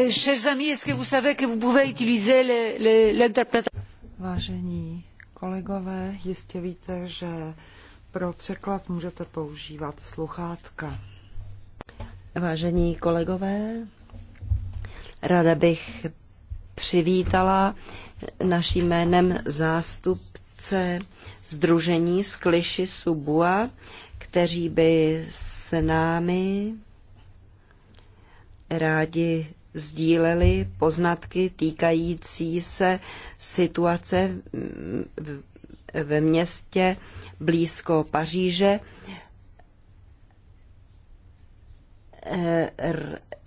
Eh, Vážení kolegové, jistě víte, že pro překlad můžete používat sluchátka. Vážení kolegové, ráda bych přivítala naším jménem zástupce Združení Skliši Subua, kteří by s námi rádi sdíleli poznatky týkající se situace ve městě blízko Paříže eh,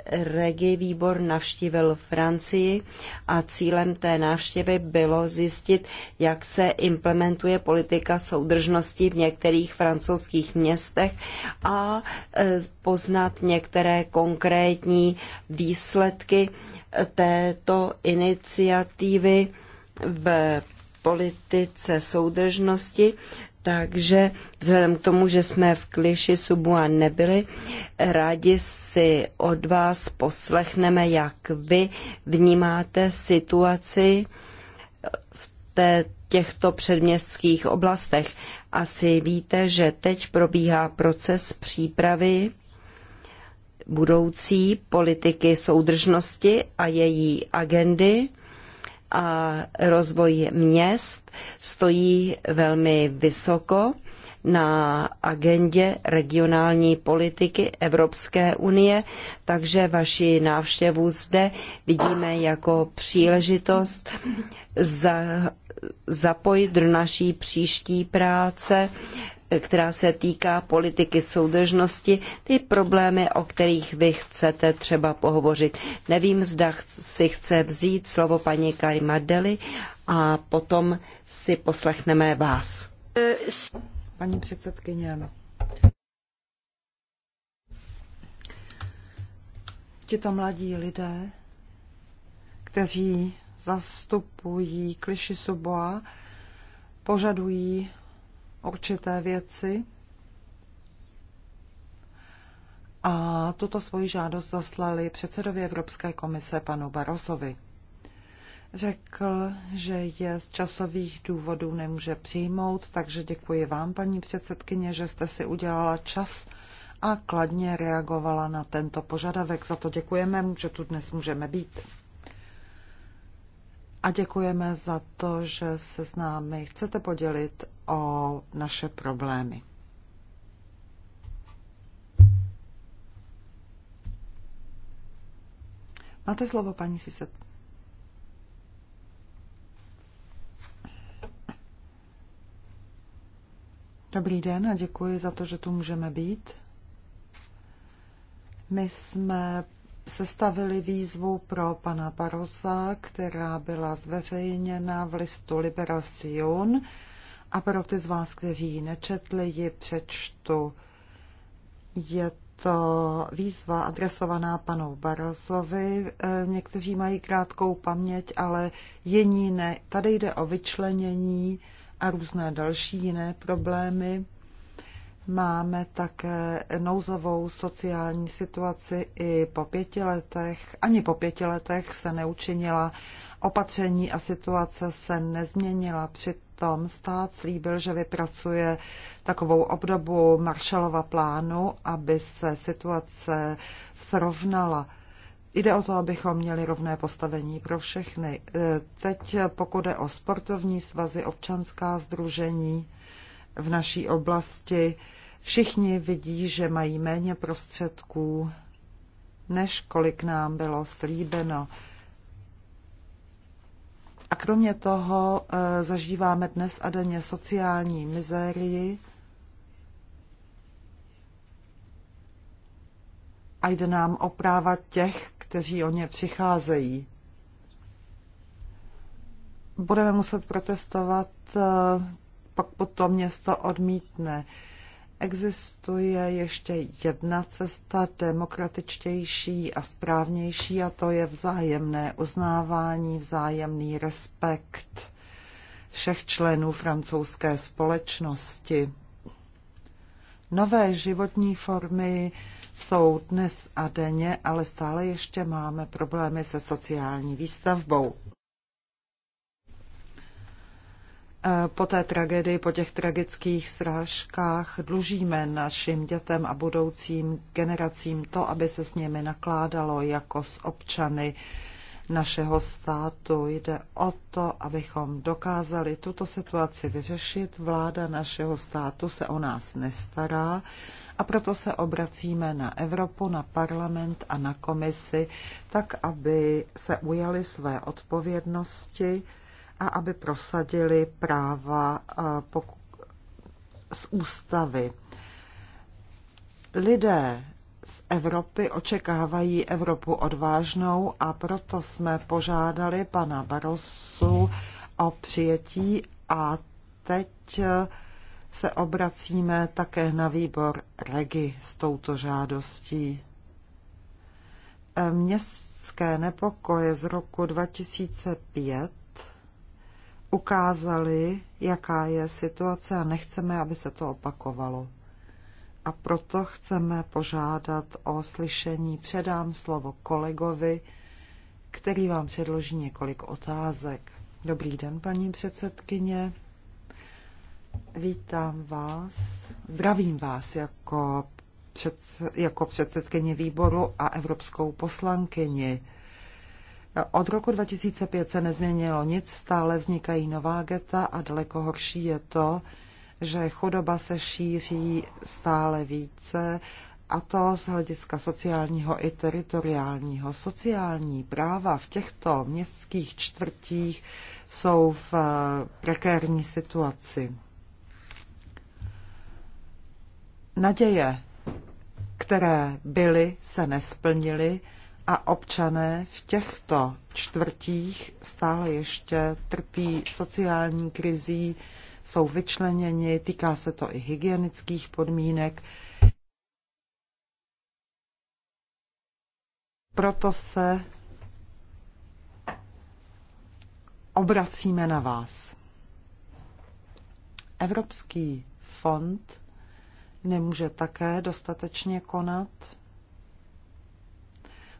Regi výbor navštívil Francii a cílem té návštěvy bylo zjistit, jak se implementuje politika soudržnosti v některých francouzských městech a e, poznat některé konkrétní výsledky e, této iniciativy v politice soudržnosti takže vzhledem k tomu, že jsme v kliši a nebyli, rádi si od vás poslechneme, jak vy vnímáte situaci v té, těchto předměstských oblastech. Asi víte, že teď probíhá proces přípravy budoucí politiky soudržnosti a její agendy a rozvoj měst stojí velmi vysoko na agendě regionální politiky Evropské unie, takže vaši návštěvu zde vidíme jako příležitost za, zapojit do naší příští práce která se týká politiky soudržnosti, ty problémy, o kterých vy chcete třeba pohovořit. Nevím, zda si chce vzít slovo paní Karima Deli a potom si poslechneme vás. Paní předsedkyně, Tito mladí lidé, kteří zastupují Kliši Suboa, požadují určité věci. A tuto svoji žádost zaslali předsedovi Evropské komise panu Barosovi. Řekl, že je z časových důvodů nemůže přijmout, takže děkuji vám, paní předsedkyně, že jste si udělala čas a kladně reagovala na tento požadavek. Za to děkujeme, že tu dnes můžeme být a děkujeme za to, že se s námi chcete podělit o naše problémy. Máte slovo, paní Siset. Dobrý den a děkuji za to, že tu můžeme být. My jsme sestavili výzvu pro pana Barosa, která byla zveřejněna v listu Liberacion. a pro ty z vás, kteří ji nečetli, ji přečtu. Je to výzva adresovaná panu Barosovi. E, někteří mají krátkou paměť, ale jiní ne. Tady jde o vyčlenění a různé další jiné problémy. Máme také nouzovou sociální situaci i po pěti letech. Ani po pěti letech se neučinila opatření a situace se nezměnila. Přitom stát slíbil, že vypracuje takovou obdobu Marshallova plánu, aby se situace srovnala. Jde o to, abychom měli rovné postavení pro všechny. Teď pokud jde o sportovní svazy, občanská združení, v naší oblasti. Všichni vidí, že mají méně prostředků, než kolik nám bylo slíbeno. A kromě toho eh, zažíváme dnes a denně sociální mizérii a jde nám o práva těch, kteří o ně přicházejí. Budeme muset protestovat eh, pak potom město odmítne. Existuje ještě jedna cesta demokratičtější a správnější a to je vzájemné uznávání, vzájemný respekt všech členů francouzské společnosti. Nové životní formy jsou dnes a denně, ale stále ještě máme problémy se sociální výstavbou. po té tragédii, po těch tragických srážkách dlužíme našim dětem a budoucím generacím to, aby se s nimi nakládalo jako s občany našeho státu. Jde o to, abychom dokázali tuto situaci vyřešit. Vláda našeho státu se o nás nestará a proto se obracíme na Evropu, na parlament a na komisi, tak aby se ujali své odpovědnosti a aby prosadili práva eh, z ústavy. Lidé z Evropy očekávají Evropu odvážnou a proto jsme požádali pana Barosu o přijetí a teď eh, se obracíme také na výbor Regi s touto žádostí. Eh, městské nepokoje z roku 2005 ukázali, jaká je situace a nechceme, aby se to opakovalo. A proto chceme požádat o slyšení. Předám slovo kolegovi, který vám předloží několik otázek. Dobrý den, paní předsedkyně. Vítám vás. Zdravím vás jako, před, jako předsedkyně výboru a evropskou poslankyni. Od roku 2005 se nezměnilo nic, stále vznikají nová geta a daleko horší je to, že chudoba se šíří stále více a to z hlediska sociálního i teritoriálního. Sociální práva v těchto městských čtvrtích jsou v eh, prekérní situaci. Naděje, které byly, se nesplnily a občané v těchto čtvrtích stále ještě trpí sociální krizí, jsou vyčleněni, týká se to i hygienických podmínek. Proto se obracíme na vás. Evropský fond nemůže také dostatečně konat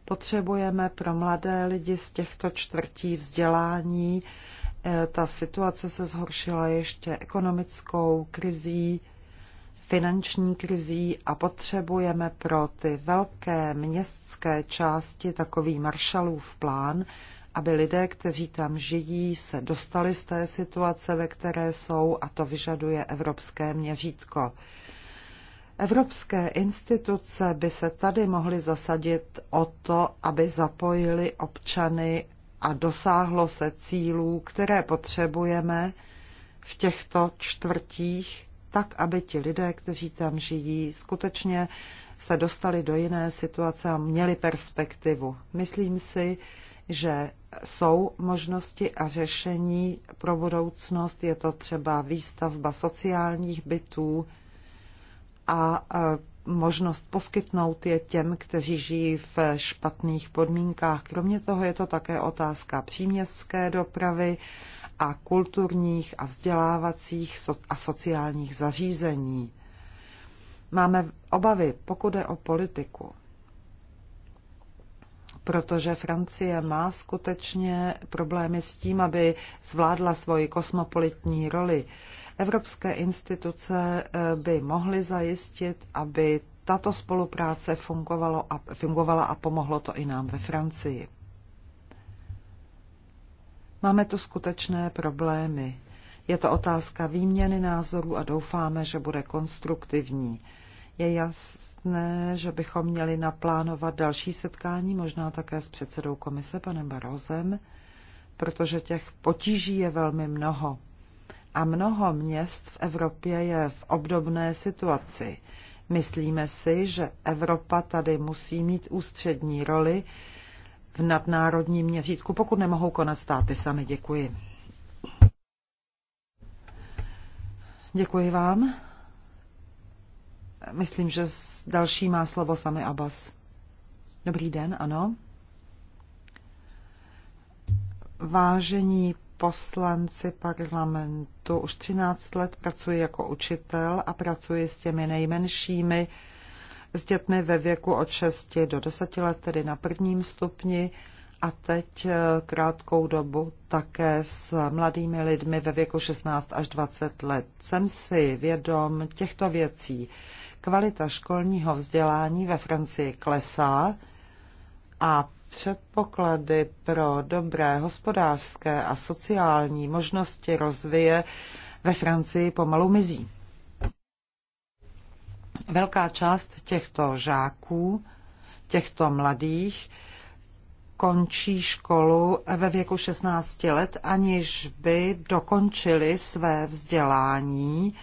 Potřebujeme pro mladé lidi z těchto čtvrtí vzdělání. E, ta situace se zhoršila ještě ekonomickou krizí, finanční krizí a potřebujeme pro ty velké městské části takový maršalův plán, aby lidé, kteří tam žijí, se dostali z té situace, ve které jsou a to vyžaduje evropské měřítko. Evropské instituce by se tady mohly zasadit o to, aby zapojili občany a dosáhlo se cílů, které potřebujeme v těchto čtvrtích, tak aby ti lidé, kteří tam žijí, skutečně se dostali do jiné situace a měli perspektivu. Myslím si, že jsou možnosti a řešení pro budoucnost. Je to třeba výstavba sociálních bytů, a možnost poskytnout je těm, kteří žijí v špatných podmínkách. Kromě toho je to také otázka příměstské dopravy a kulturních a vzdělávacích a sociálních zařízení. Máme obavy, pokud je o politiku, protože Francie má skutečně problémy s tím, aby zvládla svoji kosmopolitní roli. Uh, Evropské instituce eh, by mohly zajistit, aby tato spolupráce fungovalo a, fungovala a pomohlo to i nám ve Francii. Máme tu skutečné problémy. Je to otázka výměny názorů a doufáme, že bude konstruktivní. Je jasné, že bychom měli naplánovat další setkání, možná také s předsedou komise, panem Barozem, protože těch potíží je velmi mnoho a mnoho měst v Evropě je v obdobné situaci. Myslíme si, že Evropa tady musí mít ústřední roli v nadnárodním měřítku, pokud nemohou konat státy sami. Děkuji. Děkuji vám. Myslím, že další má slovo sami Abbas. Dobrý den, ano. Vážení poslanci parlamentu, sportu. Už 13 let pracuji jako učitel a pracuji s těmi nejmenšími, s dětmi ve věku od 6 do 10 let, tedy na prvním stupni a teď eh, krátkou dobu také s mladými lidmi ve věku 16 až 20 let. Jsem si vědom těchto věcí. Kvalita školního vzdělání ve Francii klesá a předpoklady pro dobré hospodářské a sociální možnosti rozvíje ve Francii pomalu mizí. Velká část těchto žáků, těchto mladých, končí školu ve věku 16 let, aniž by dokončili své vzdělání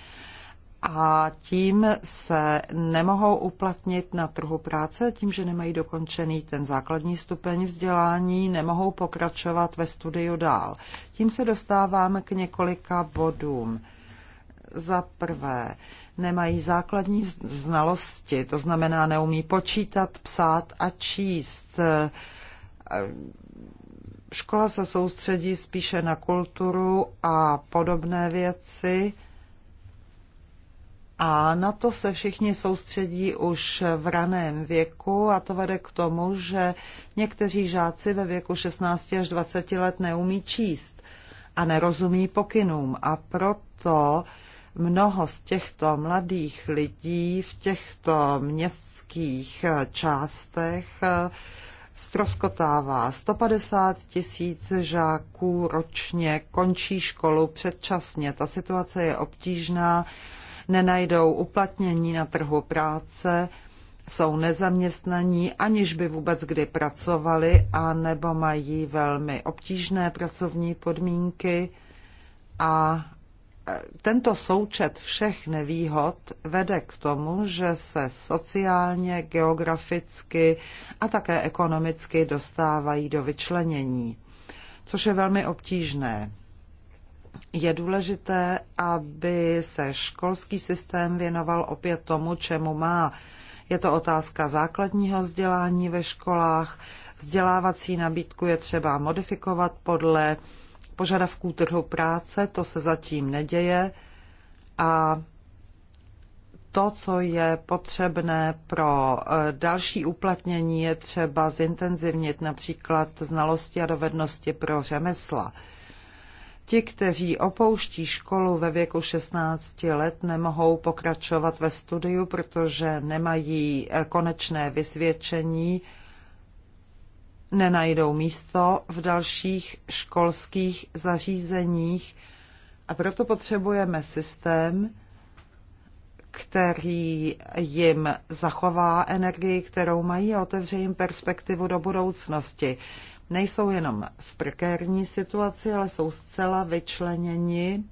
a tím se nemohou uplatnit na trhu práce, tím, že nemají dokončený ten základní stupeň vzdělání, nemohou pokračovat ve studiu dál. Tím se dostáváme k několika bodům. Za prvé, nemají základní znalosti, to znamená neumí počítat, psát a číst. Škola se soustředí spíše na kulturu a podobné věci, a na to se všichni soustředí už v raném věku a to vede k tomu, že někteří žáci ve věku 16 až 20 let neumí číst a nerozumí pokynům. A proto mnoho z těchto mladých lidí v těchto městských částech stroskotává. Eh, 150 tisíc žáků ročně končí školu předčasně. Ta situace je obtížná nenajdou uplatnění na trhu práce, jsou nezaměstnaní, aniž by vůbec kdy pracovali, a nebo mají velmi obtížné pracovní podmínky. A e, tento součet všech nevýhod vede k tomu, že se sociálně, geograficky a také ekonomicky dostávají do vyčlenění, což je velmi obtížné je důležité, aby se školský systém věnoval opět tomu, čemu má. Je to otázka základního vzdělání ve školách, vzdělávací nabídku je třeba modifikovat podle požadavků trhu práce, to se zatím neděje a to, co je potřebné pro e, další uplatnění, je třeba zintenzivnit například znalosti a dovednosti pro řemesla. Ti, kteří opouští školu ve věku 16 let, nemohou pokračovat ve studiu, protože nemají eh, konečné vysvědčení, nenajdou místo v dalších školských zařízeních a proto potřebujeme systém, který jim zachová energii, kterou mají a otevře jim perspektivu do budoucnosti nejsou jenom v prekérní situaci, ale jsou zcela vyčleněni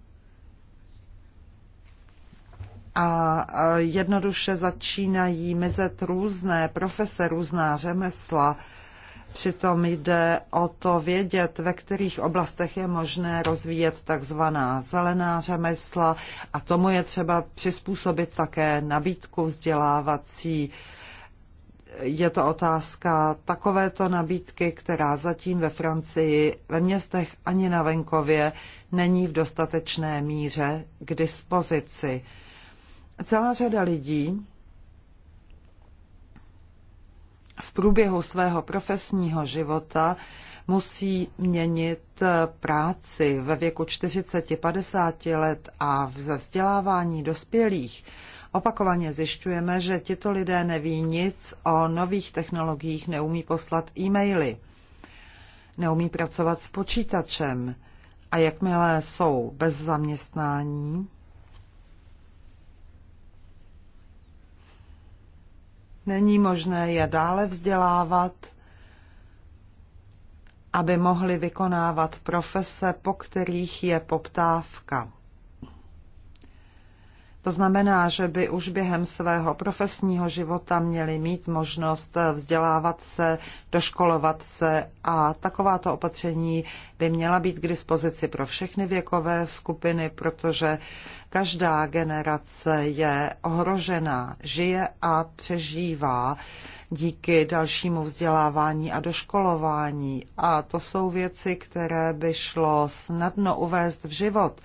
a jednoduše začínají mezet různé profese, různá řemesla. Přitom jde o to vědět, ve kterých oblastech je možné rozvíjet takzvaná zelená řemesla a tomu je třeba přizpůsobit také nabídku vzdělávací je to otázka takovéto nabídky, která zatím ve Francii, ve městech ani na venkově není v dostatečné míře k dispozici. Celá řada lidí v průběhu svého profesního života musí měnit práci ve věku 40-50 let a ve vzdělávání dospělých Opakovaně zjišťujeme, že tito lidé neví nic o nových technologiích, neumí poslat e-maily, neumí pracovat s počítačem a jakmile jsou bez zaměstnání, není možné je dále vzdělávat, aby mohli vykonávat profese, po kterých je poptávka. To znamená, že by už během svého profesního života měli mít možnost vzdělávat se, doškolovat se a takováto opatření by měla být k dispozici pro všechny věkové skupiny, protože každá generace je ohrožená, žije a přežívá díky dalšímu vzdělávání a doškolování. A to jsou věci, které by šlo snadno uvést v život.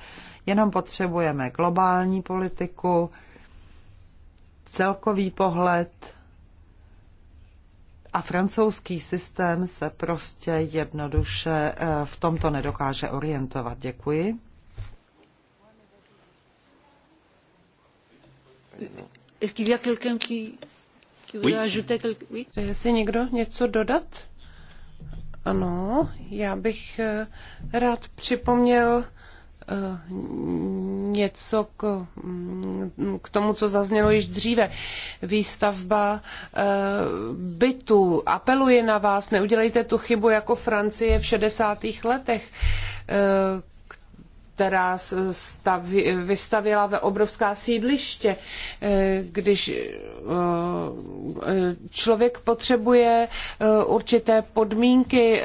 Jenom potřebujeme globální politiku, celkový pohled a francouzský systém se prostě jednoduše eh, v tomto nedokáže orientovat. Děkuji. Přeje si někdo něco dodat? Ano, já bych eh, rád připomněl Eh, něco k, mm, k tomu, co zaznělo již dříve. Výstavba eh, bytu. Apeluji na vás, neudělejte tu chybu jako Francie v 60. letech, eh, která stavi, vystavila ve obrovská sídliště. Eh, když eh, eh, člověk potřebuje určité podmínky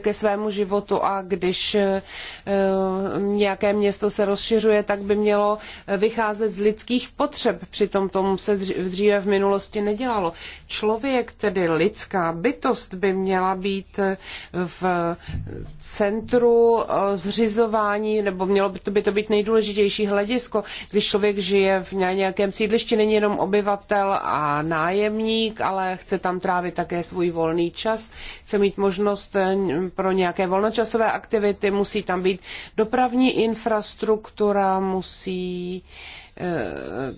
ke svému životu a když nějaké město se rozšiřuje, tak by mělo vycházet z lidských potřeb. Přitom tomu se dříve v minulosti nedělalo. Člověk, tedy lidská bytost, by měla být v centru zřizování hledání, nebo mělo by to, by to být nejdůležitější hledisko, když člověk žije v nějakém sídlišti, není jenom obyvatel a nájemník, ale chce tam trávit také svůj volný čas, chce mít možnost eh, pro nějaké volnočasové aktivity, musí tam být dopravní infrastruktura, musí eh,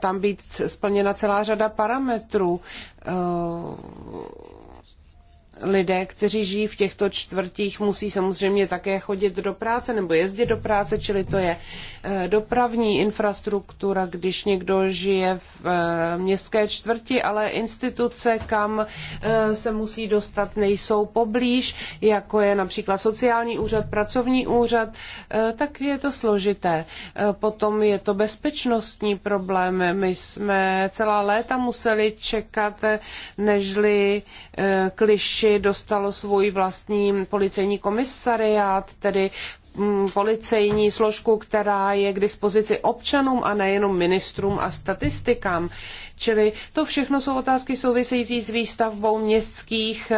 tam být splněna celá řada parametrů eh, lidé, kteří žijí v těchto čtvrtích, musí samozřejmě také chodit do práce nebo jezdit do práce, čili to je eh, dopravní infrastruktura, když někdo žije v eh, městské čtvrti, ale instituce, kam eh, se musí dostat, nejsou poblíž, jako je například sociální úřad, pracovní úřad, tak je to složité. Potom je to bezpečnostní problém. My jsme celá léta museli čekat, nežli Kliši dostalo svůj vlastní policejní komisariát, tedy mm, policejní složku, která je k dispozici občanům a nejenom ministrům a statistikám. Čili to všechno jsou otázky související s výstavbou městských,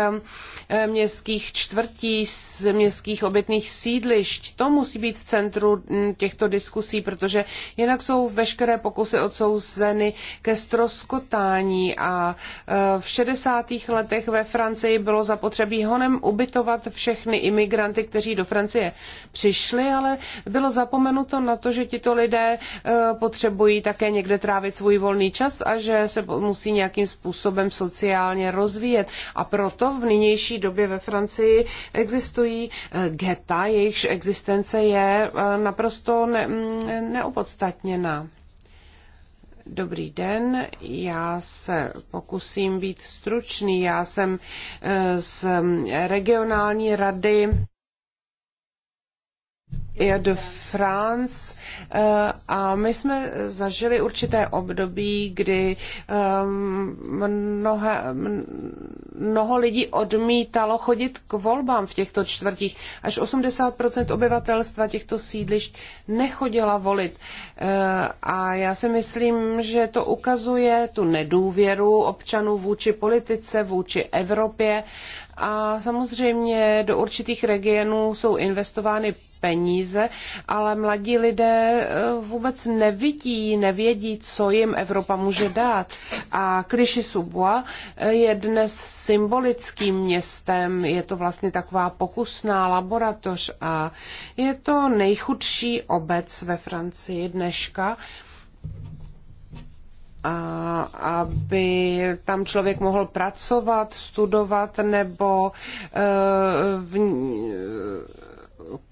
eh, městských čtvrtí, z městských obytných sídlišť. To musí být v centru mm, těchto diskusí, protože jinak jsou veškeré pokusy odsouzeny ke stroskotání a eh, v 60. letech ve Francii bylo zapotřebí honem ubytovat všechny imigranty, kteří do Francie přišli, ale bylo zapomenuto na to, že tito lidé eh, potřebují také někde trávit svůj volný čas a že že se musí nějakým způsobem sociálně rozvíjet. A proto v nynější době ve Francii existují eh, geta, jejichž existence je eh, naprosto ne- mm, neopodstatněná. Dobrý den, já se pokusím být stručný. Já jsem eh, z regionální rady Air de France eh, a my jsme zažili určité období, kdy eh, mnoha, mnoho lidí odmítalo chodit k volbám v těchto čtvrtích. Až 80% obyvatelstva těchto sídlišť nechodila volit. Eh, a já si myslím, že to ukazuje tu nedůvěru občanů vůči politice, vůči Evropě. A samozřejmě do určitých regionů jsou investovány peníze, ale mladí lidé eh, vůbec nevidí, nevědí, co jim Evropa může dát. A Klišisubwa eh, je dnes symbolickým městem, je to vlastně taková pokusná laboratoř a je to nejchudší obec ve Francii dneška a aby tam člověk mohl pracovat, studovat nebo eh, v,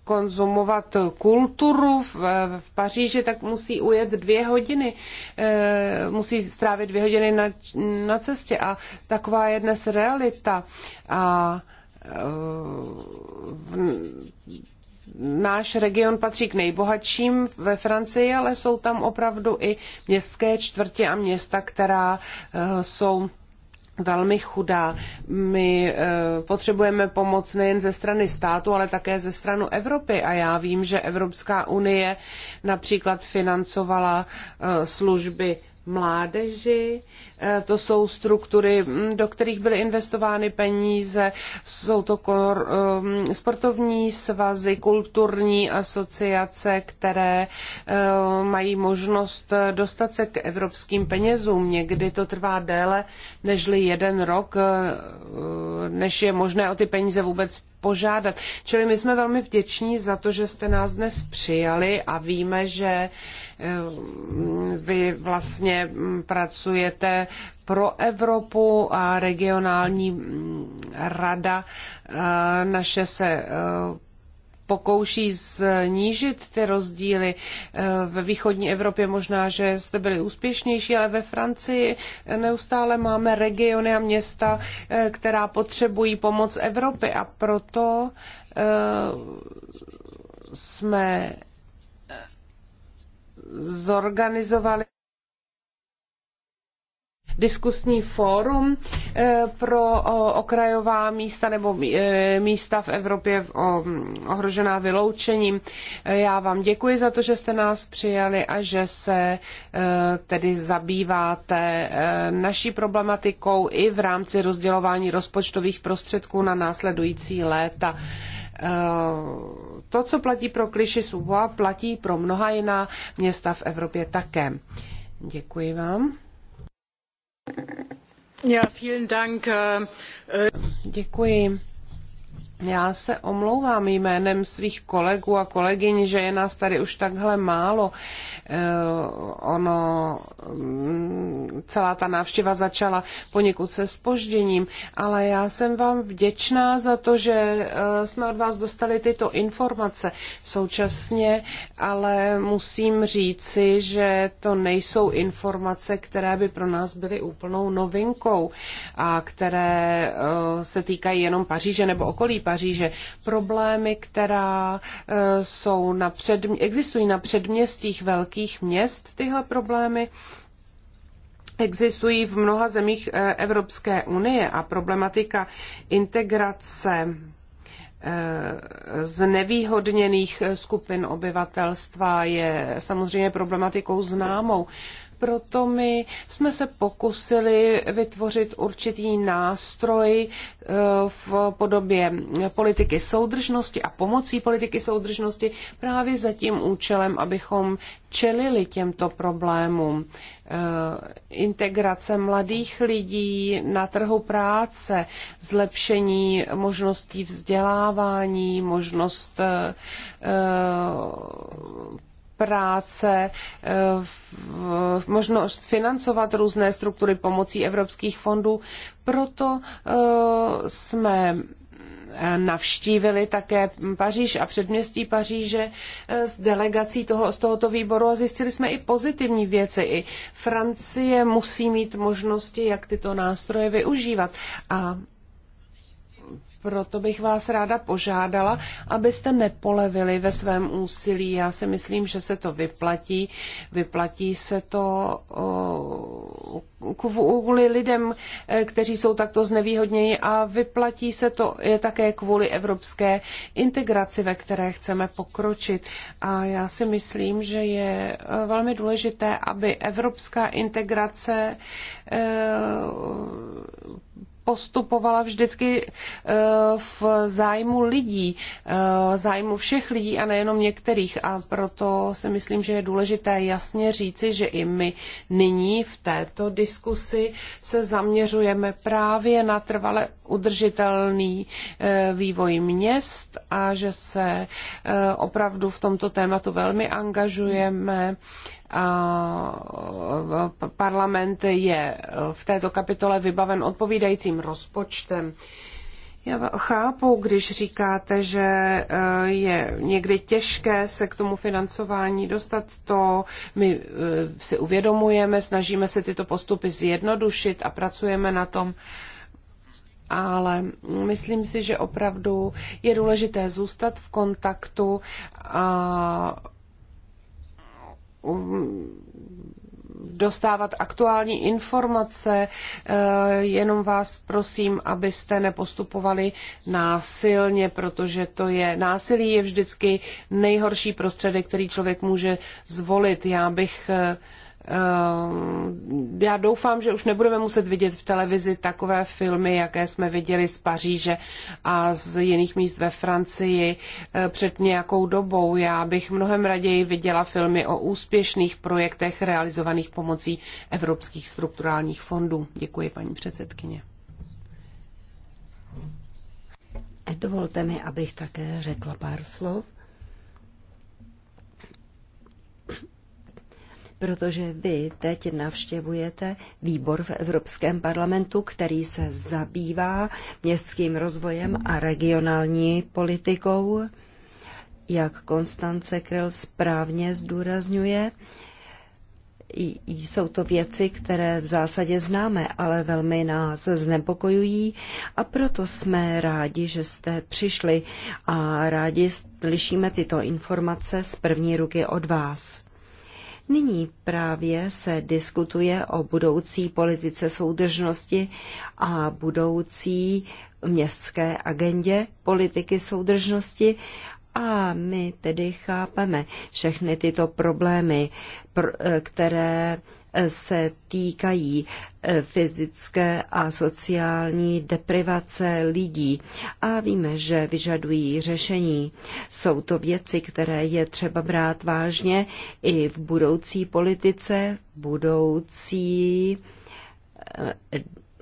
konzumovat kulturu v, v Paříži, tak musí ujet dvě hodiny, eh, musí strávit dvě hodiny na, na cestě a taková je dnes realita. A eh, náš region patří k nejbohatším ve Francii, ale jsou tam opravdu i městské čtvrtě a města, která eh, jsou velmi chudá. My eh, potřebujeme pomoc nejen ze strany státu, ale také ze strany Evropy. A já vím, že Evropská unie například financovala eh, služby mládeži, eh, to jsou struktury, mm, do kterých byly investovány peníze, jsou to kor, ehm, sportovní svazy, kulturní asociace, které eh, mají možnost eh, dostat se k evropským penězům. Někdy to trvá déle nežli jeden rok, než je možné o ty peníze vůbec požádat. Čili my jsme velmi vděční za to, že jste nás dnes přijali a víme, že eh, vy vlastně mm, pracujete pro Evropu a regionální mm, rada eh, naše se eh, pokouší znížit ty rozdíly. Eh, ve východní Evropě možná, že jste byli úspěšnější, ale ve Francii neustále máme regiony a města, eh, která potřebují pomoc Evropy a proto eh, jsme zorganizovali diskusní fórum eh, pro okrajová místa nebo eh, místa v Evropě ohrožená vyloučením. Eh, já vám děkuji za to, že jste nás přijali a že se tedy zabýváte naší problematikou i v rámci rozdělování rozpočtových prostředků na následující léta to, co platí pro Kliši Subua, platí pro mnoha jiná města v Evropě také. Děkuji vám. Äh, äh. Děkuji. Já se omlouvám jménem svých kolegů a kolegyň, že je nás tady už takhle málo. Eh, ono, mm, celá ta návštěva začala poněkud se spožděním, ale já jsem vám vděčná za to, že eh, jsme od vás dostali tyto informace současně, ale musím říci, že to nejsou informace, které by pro nás byly úplnou novinkou a které eh, se týkají jenom Paříže nebo okolí Paříže. Problémy, která e, jsou na předmě- existují na předměstích velkých měst, tyhle problémy existují v mnoha zemích e, Evropské unie a problematika integrace e, znevýhodněných skupin obyvatelstva je samozřejmě problematikou známou. Proto my jsme se pokusili vytvořit určitý nástroj eh, v podobě politiky soudržnosti a pomocí politiky soudržnosti právě za tím účelem, abychom čelili těmto problémům. Eh, integrace mladých lidí na trhu práce, zlepšení možností vzdělávání, možnost eh, práce, eh, možnost financovat různé struktury pomocí evropských fondů. Proto eh, jsme eh, navštívili také Paříž a předměstí Paříže s delegací toho, z tohoto výboru a zjistili jsme i pozitivní věci. I Francie musí mít možnosti, jak tyto nástroje využívat. A proto bych vás ráda požádala, abyste nepolevili ve svém úsilí. Já si myslím, že se to vyplatí. Vyplatí se to kvůli lidem, eh, kteří jsou takto znevýhodněni a vyplatí se to je také kvůli evropské integraci, ve které chceme pokročit. A já si myslím, že je eh, velmi důležité, aby evropská integrace eh, postupovala vždycky eh, v zájmu lidí, eh, zájmu všech lidí a nejenom některých. A proto si myslím, že je důležité jasně říci, že i my nyní v této diskusi se zaměřujeme právě na trvale udržitelný eh, vývoj měst a že se opravdu v tomto tématu velmi angažujeme. Hmm E, parlament je e, v této kapitole vybaven odpovídajícím rozpočtem. Já chápu, když říkáte, že e, je někdy těžké se k tomu financování dostat. To my si uvědomujeme, snažíme se tyto postupy zjednodušit a pracujeme na tom. Ale myslím si, že opravdu je důležité zůstat v kontaktu a dostávat aktuální informace. Eh, jenom vás prosím, abyste nepostupovali násilně, protože to je násilí je vždycky nejhorší prostředek, který člověk může zvolit. Já bych eh, Ehm, já doufám, že už nebudeme muset vidět v televizi takové filmy, jaké jsme viděli z Paříže a z jiných míst ve Francii eh, před nějakou dobou. Já bych mnohem raději viděla filmy o úspěšných projektech realizovaných pomocí evropských strukturálních fondů. Děkuji, paní předsedkyně. Dovolte mi, abych také řekla pár slov protože vy teď navštěvujete výbor v Evropském parlamentu, který se zabývá městským rozvojem a regionální politikou, jak Konstance Krill správně zdůrazňuje. Jsou to věci, které v zásadě známe, ale velmi nás znepokojují a proto jsme rádi, že jste přišli a rádi slyšíme tyto informace z první ruky od vás. Nyní právě se diskutuje o budoucí politice soudržnosti a budoucí městské agendě politiky soudržnosti a my tedy chápeme všechny tyto problémy, eh, které se týkají fyzické a sociální deprivace lidí a víme, že vyžadují řešení. Jsou to věci, které je třeba brát vážně i v budoucí politice, v budoucí eh,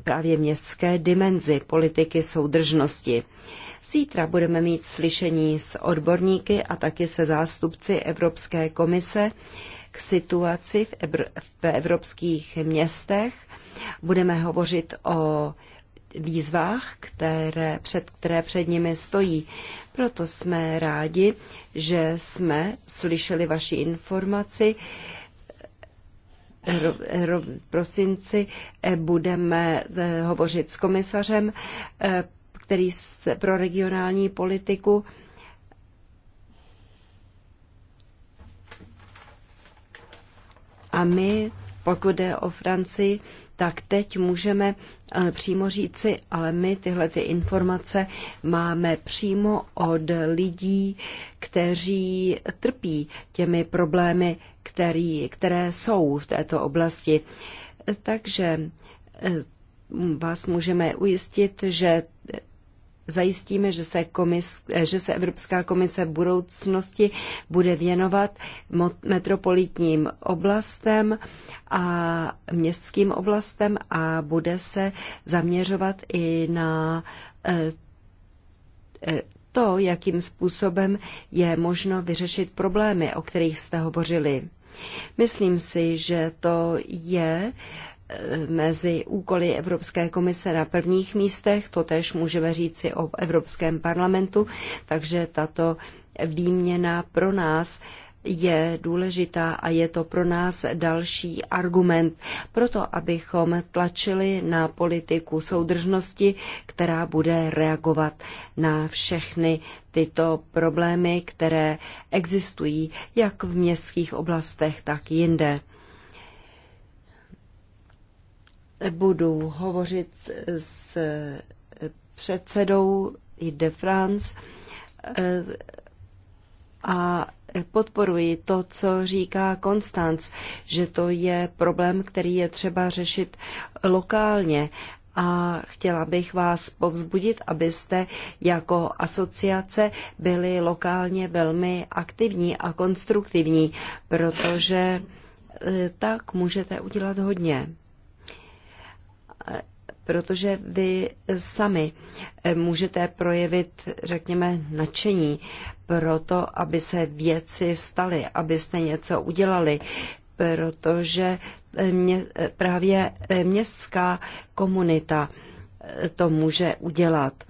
právě městské dimenzi politiky soudržnosti. Zítra budeme mít slyšení s odborníky a taky se zástupci Evropské komise k situaci v, v evropských městech Budeme hovořit o výzvách, které před, které před nimi stojí. Proto jsme rádi, že jsme slyšeli vaši informaci. Ro, ro, prosinci eh, budeme eh, hovořit s komisařem, eh, který se pro regionální politiku a my, pokud jde o Francii, tak teď můžeme e, přímo říci, ale my tyhle ty informace máme přímo od lidí, kteří trpí těmi problémy, který, které jsou v této oblasti. E, takže e, vás můžeme ujistit, že zajistíme, že se, komis, eh, že se Evropská komise v budoucnosti bude věnovat metropolitním oblastem a městským oblastem a bude se zaměřovat i na eh, eh, to, jakým způsobem je možno vyřešit problémy, o kterých jste hovořili. Myslím si, že to je mezi úkoly Evropské komise na prvních místech, to tež můžeme říci o Evropském parlamentu, takže tato výměna pro nás je důležitá a je to pro nás další argument pro to, abychom tlačili na politiku soudržnosti, která bude reagovat na všechny tyto problémy, které existují jak v městských oblastech, tak jinde budu hovořit s předsedou i de France eh, a podporuji to, co říká Konstanc, že to je problém, který je třeba řešit lokálně a chtěla bych vás povzbudit, abyste jako asociace byli lokálně velmi aktivní a konstruktivní, protože eh, tak můžete udělat hodně protože vy sami eh, můžete projevit, řekněme, nadšení pro to, aby se věci staly, abyste něco udělali, protože eh, mě, eh, právě městská komunita to může udělat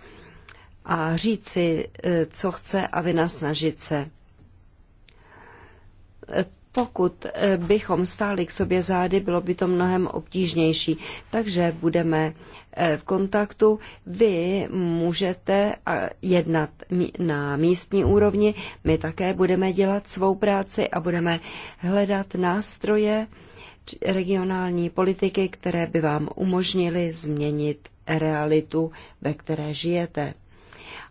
a říci, co chce a vynasnažit se pokud eh, bychom stáli k sobě zády, bylo by to mnohem obtížnější. Takže budeme eh, v kontaktu. Vy můžete eh, jednat na místní úrovni, my také budeme dělat svou práci a budeme hledat nástroje regionální politiky, které by vám umožnily změnit realitu, ve které žijete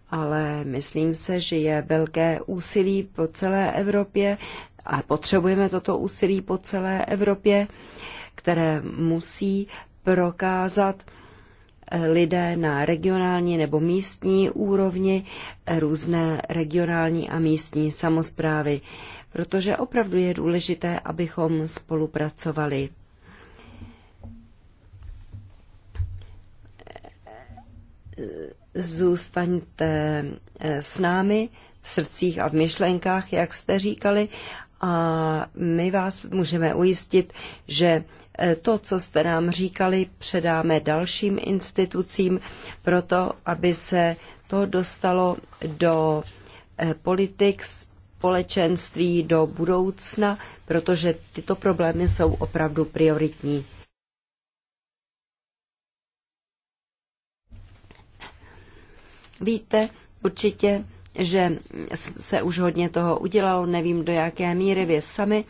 ale myslím se, že je velké úsilí po celé Evropě a potřebujeme toto úsilí po celé Evropě, které musí prokázat eh, lidé na regionální nebo místní úrovni, eh, různé regionální a místní samozprávy, protože opravdu je důležité, abychom spolupracovali. Eh, zůstaňte s námi v srdcích a v myšlenkách, jak jste říkali, a my vás můžeme ujistit, že e, to, co jste nám říkali, předáme dalším institucím proto, aby se to dostalo do e, politik společenství do budoucna, protože tyto problémy jsou opravdu prioritní. Víte určitě, že se už hodně toho udělalo, nevím do jaké míry vy sami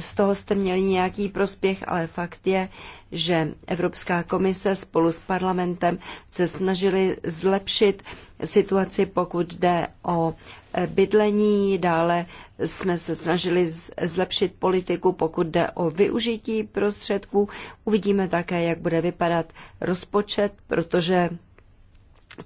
z toho jste měli nějaký prospěch, ale fakt je, že Evropská komise spolu s parlamentem se snažili zlepšit situaci, pokud jde o e, bydlení, dále jsme se snažili zlepšit politiku, pokud jde o využití prostředků. Uvidíme také, jak bude vypadat rozpočet, protože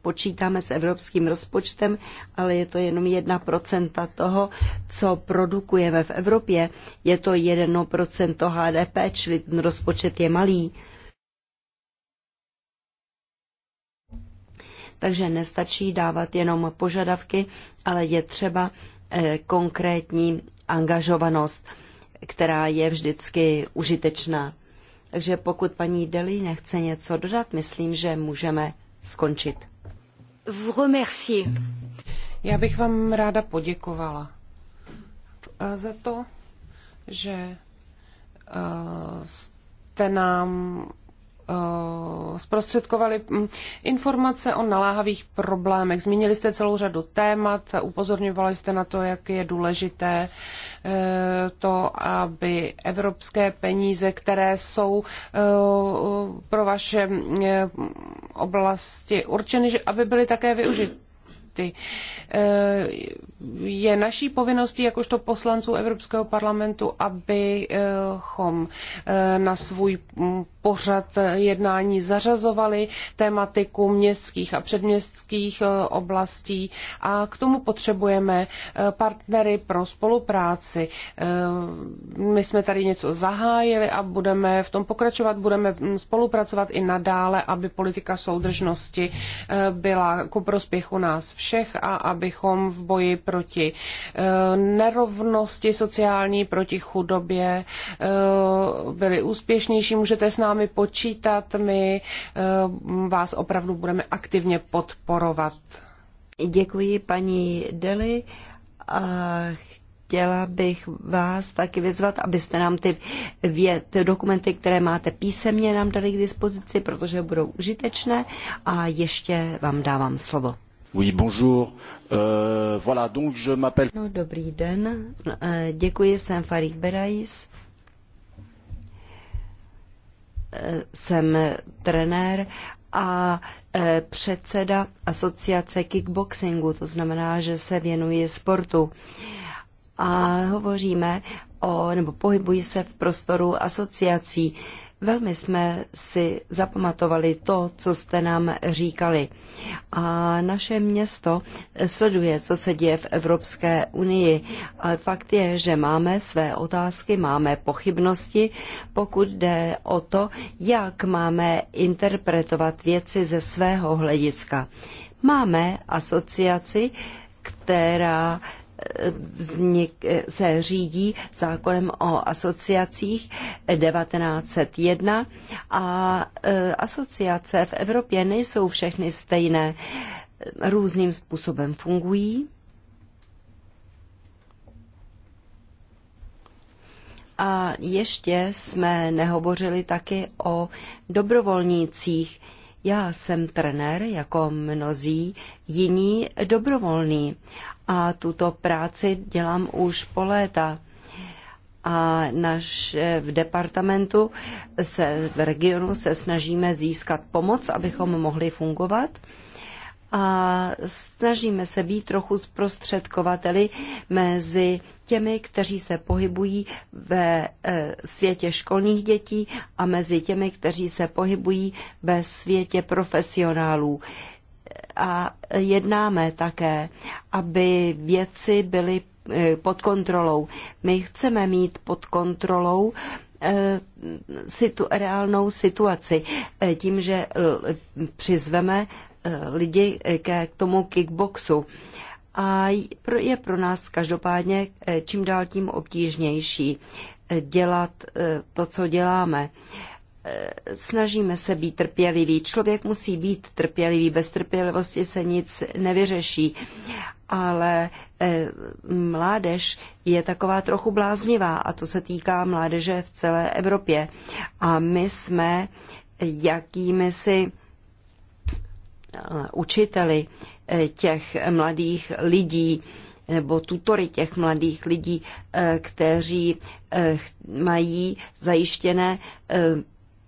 počítáme s evropským rozpočtem, ale je to jenom 1% toho, co produkujeme v Evropě. Je to 1% HDP, čili ten rozpočet je malý. Takže nestačí dávat jenom požadavky, ale je třeba eh, konkrétní angažovanost, která je vždycky užitečná. Takže pokud paní Deli nechce něco dodat, myslím, že můžeme skončit vous remercier. Já bych vám ráda poděkovala eh, za to, že eh, jste nám Eh, zprostředkovali mm, informace o naléhavých problémech. Zmínili jste celou řadu témat, upozorňovali jste na to, jak je důležité eh, to, aby evropské peníze, které jsou eh, pro vaše oblasti určeny, aby byly také využity je naší povinností jakožto poslanců Evropského parlamentu, abychom eh, na svůj mm, pořad jednání zařazovali tématiku městských a předměstských eh, oblastí a k tomu potřebujeme eh, partnery pro spolupráci. My jsme tady něco zahájili a budeme v tom pokračovat, budeme mm, spolupracovat i nadále, aby politika soudržnosti byla ku prospěchu nás všech a abychom v boji pro proti eh, nerovnosti sociální, proti chudobě, eh, byli úspěšnější, můžete s námi počítat, my eh, vás opravdu budeme aktivně podporovat. Děkuji paní Deli a chtěla bych vás taky vyzvat, abyste nám ty, vě, ty dokumenty, které máte písemně, nám dali k dispozici, protože budou užitečné a ještě vám dávám slovo. Euh, no, dobrý den, eh, děkuji, jsem Farid Berais. Eh, jsem trenér a eh, předseda asociace kickboxingu, to znamená, že se věnuji sportu. A hovoříme o, nebo pohybuji se v prostoru asociací. Velmi jsme si zapamatovali to, co jste nám říkali. A naše město sleduje, co se děje v Evropské unii, ale fakt je, že máme své otázky, máme pochybnosti, pokud jde o to, jak máme interpretovat věci ze svého hlediska. Máme asociaci, která vznik, se řídí zákonem o asociacích 1901 a e, asociace v Evropě nejsou všechny stejné, různým způsobem fungují. A ještě jsme nehovořili taky o dobrovolnících. Já jsem trenér jako mnozí jiní dobrovolný a tuto práci dělám už po léta. A naš v departamentu se v regionu se snažíme získat pomoc, abychom mohli fungovat a snažíme se být trochu zprostředkovateli mezi těmi, kteří se pohybují ve e, světě školních dětí a mezi těmi, kteří se pohybují ve světě profesionálů a jednáme také, aby věci byly eh, pod kontrolou. My chceme mít pod kontrolou eh, situ, reálnou situaci eh, tím, že přizveme lidi k tomu kickboxu. A je pro nás každopádně čím dál tím obtížnější dělat to, co děláme. Eh, snažíme se být trpělivý. Člověk musí být trpělivý, bez trpělivosti se nic nevyřeší. Ale eh, mládež je taková trochu bláznivá a to se týká mládeže v celé Evropě. A my jsme jakými si eh, učiteli těch mladých lidí, nebo tutory těch mladých lidí, kteří mají zajištěné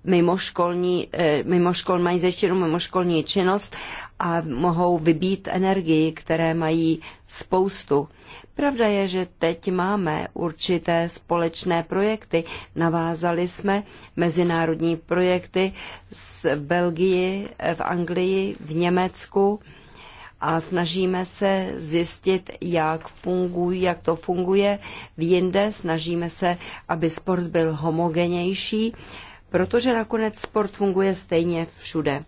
mimoškolní, eh, mimoškol, mají zajištěnou mimoškolní činnost a mohou vybít energii, které mají spoustu. Pravda je, že teď máme určité společné projekty. Navázali jsme mezinárodní projekty z Belgii, eh, v Anglii, v Německu a snažíme se zjistit, jak fungují, jak to funguje v jinde. Snažíme se, aby sport byl homogenější protože nakonec sport funguje stejně všude.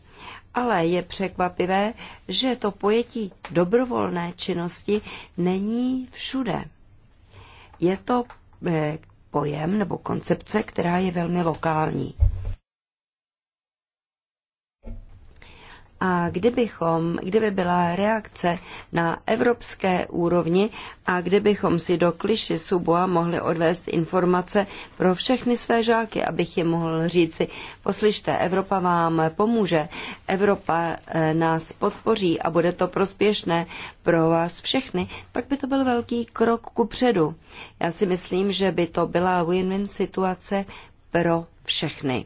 Ale je překvapivé, že to pojetí dobrovolné činnosti není všude. Je to eh, pojem nebo koncepce, která je velmi lokální. A kdybychom, kdyby byla reakce na evropské úrovni a kdybychom si do kliši Subua mohli odvést informace pro všechny své žáky, abych jim mohl říci, poslyšte, Evropa vám pomůže, Evropa eh, nás podpoří a bude to prospěšné pro vás všechny, tak by to byl velký krok ku předu. Já si myslím, že by to byla win-win situace pro všechny.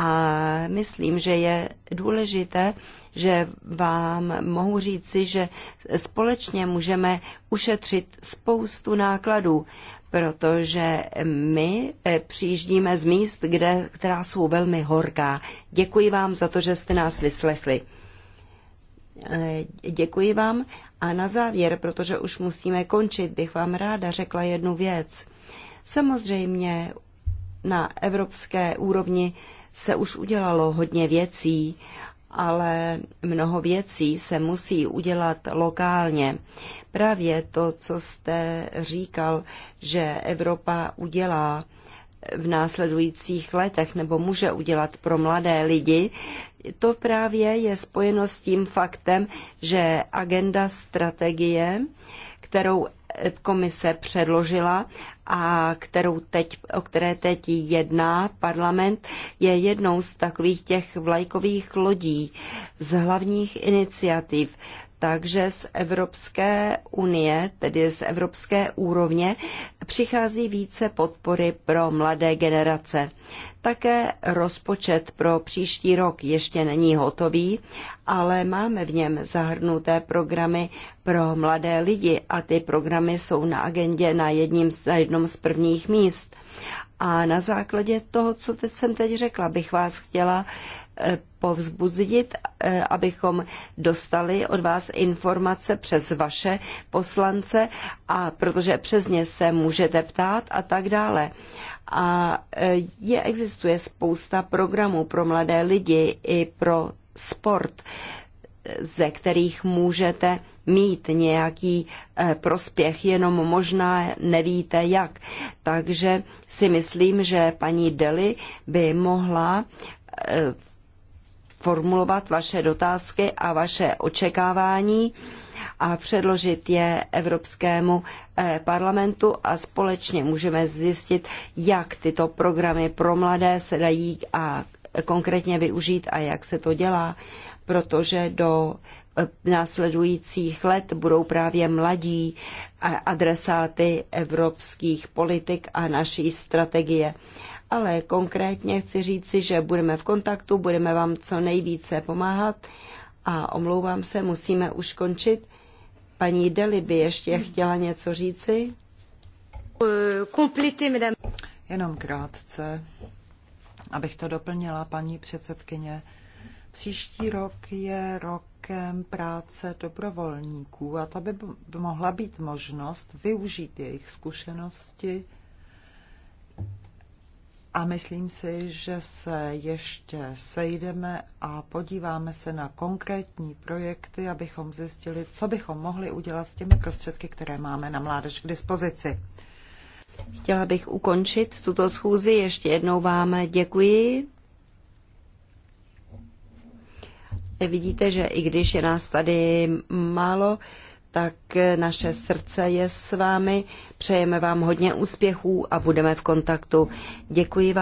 A myslím, že je důležité, že vám mohu říci, že společně můžeme ušetřit spoustu nákladů, protože my eh, přijíždíme z míst, kde, která jsou velmi horká. Děkuji vám za to, že jste nás vyslechli. Eh, děkuji vám a na závěr, protože už musíme končit, bych vám ráda řekla jednu věc. Samozřejmě na evropské úrovni se už udělalo hodně věcí, ale mnoho věcí se musí udělat lokálně. Právě to, co jste říkal, že Evropa udělá v následujících letech nebo může udělat pro mladé lidi, to právě je spojeno s tím faktem, že agenda strategie, kterou komise předložila a kterou teď, o které teď jedná parlament, je jednou z takových těch vlajkových lodí z hlavních iniciativ takže z Evropské unie, tedy z evropské úrovně, přichází více podpory pro mladé generace. Také rozpočet pro příští rok ještě není hotový, ale máme v něm zahrnuté programy pro mladé lidi a ty programy jsou na agendě na, jedním, na jednom z prvních míst. A na základě toho, co teď jsem teď řekla, bych vás chtěla povzbudit, eh, abychom dostali od vás informace přes vaše poslance, a protože přes ně se můžete ptát a tak dále. A eh, je, existuje spousta programů pro mladé lidi i pro sport, eh, ze kterých můžete mít nějaký prospěch, jenom možná nevíte jak. Takže si myslím, že paní Deli by mohla formulovat vaše dotázky a vaše očekávání a předložit je Evropskému eh, parlamentu a společně můžeme zjistit, jak tyto programy pro mladé se dají a konkrétně využít a jak se to dělá, protože do eh, následujících let budou právě mladí eh, adresáty evropských politik a naší strategie ale konkrétně chci říci, že budeme v kontaktu, budeme vám co nejvíce pomáhat a omlouvám se, musíme už končit. Paní Deli by ještě chtěla něco říci? Jenom krátce, abych to doplnila, paní předsedkyně. Příští rok je rokem práce dobrovolníků a to by mohla být možnost využít jejich zkušenosti a myslím si, že se ještě sejdeme a podíváme se na konkrétní projekty, abychom zjistili, co bychom mohli udělat s těmi prostředky, které máme na mládež k dispozici. Chtěla bych ukončit tuto schůzi. Ještě jednou vám děkuji. Vidíte, že i když je nás tady málo, tak naše srdce je s vámi. Přejeme vám hodně úspěchů a budeme v kontaktu. Děkuji vám.